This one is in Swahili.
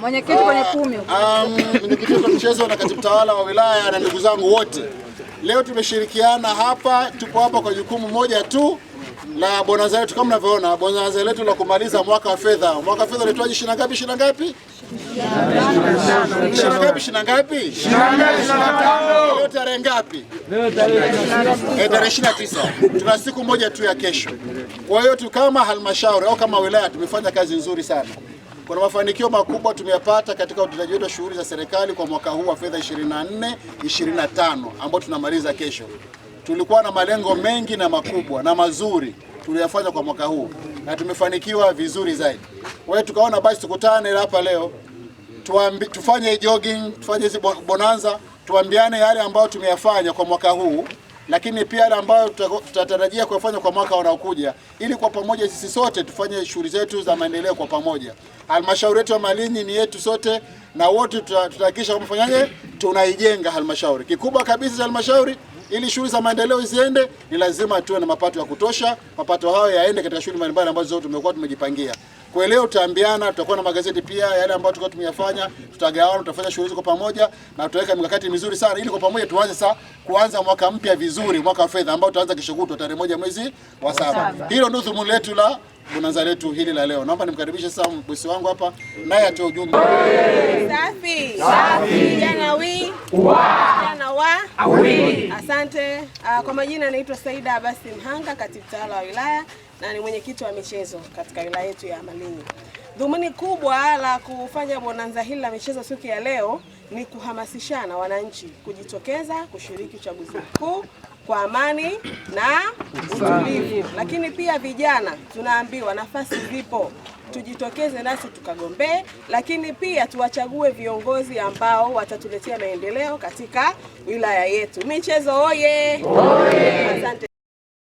mwenyekiti kwenye kumi um, mwenyekiti um, wa mchezo na katibu tawala wa wilaya na ndugu zangu wote, leo tumeshirikiana hapa, tupo hapa kwa jukumu moja tu la bonanza letu. Kama mnavyoona bonanza letu la kumaliza mwaka wa fedha. Mwaka wa fedha ulitoaje? Shina ngapi? Shina ngapi? Shina ngapi? Shina ngapi? Leo tarehe ngapi? Eh, tarehe 29. Tuna siku moja tu ya kesho. Kwa hiyo tu kama halmashauri au kama wilaya tumefanya kazi nzuri sana. Kuna mafanikio makubwa tumeyapata katika utendaji wetu wa shughuli za serikali kwa mwaka huu wa fedha 24 25 ambao tunamaliza kesho. Tulikuwa na malengo mengi na makubwa na mazuri tuliyofanya kwa mwaka huu na tumefanikiwa vizuri zaidi. Kwa hiyo tukaona basi tukutane hapa leo tuambi, tufanye jogging, tufanye hizi bonanza, tuambiane yale ambayo tumeyafanya kwa mwaka huu lakini pia yale ambayo tutatarajia kufanya kwa mwaka unaokuja, ili kwa pamoja sisi sote tufanye shughuli zetu za maendeleo kwa pamoja. Halmashauri yetu ya Malinyi ni yetu sote, na wote tutahakikisha kwamba fanyaje, tunaijenga halmashauri. Kikubwa kabisa cha halmashauri ili shughuli za maendeleo ziende, ni lazima tuwe na mapato ya kutosha. Mapato hayo yaende katika shughuli mbalimbali ambazo zote tumekuwa tumejipangia. Kwa leo tutaambiana, tutakuwa na magazeti pia yale ambayo tulikuwa tumeyafanya, tutagawana, tutafanya shughuli zetu kwa pamoja na tutaweka mikakati mizuri sana ili kwa pamoja tuanze sasa kuanza mwaka mpya vizuri, mwaka wa fedha ambao tutaanza kesho kutwa tarehe moja mwezi wa saba. Hilo ndio dhumuni letu la bonanza letu hili la leo. Naomba nimkaribishe sasa bosi wangu hapa naye atoe ujumbe. Safi. Safi. Jana wii. Wow. Awili. Asante. Uh, kwa majina naitwa Saida Abasi Mhanga, katibu tawala wa wilaya na ni mwenyekiti wa michezo katika wilaya yetu ya Malinyi. Dhumuni kubwa la kufanya bonanza hili la michezo siku ya leo ni kuhamasishana wananchi kujitokeza kushiriki uchaguzi mkuu kwa amani na utulivu, lakini pia vijana tunaambiwa nafasi zipo tujitokeze nasi tukagombee, lakini pia tuwachague viongozi ambao watatuletea maendeleo katika wilaya yetu. Michezo oye, oye! Asante.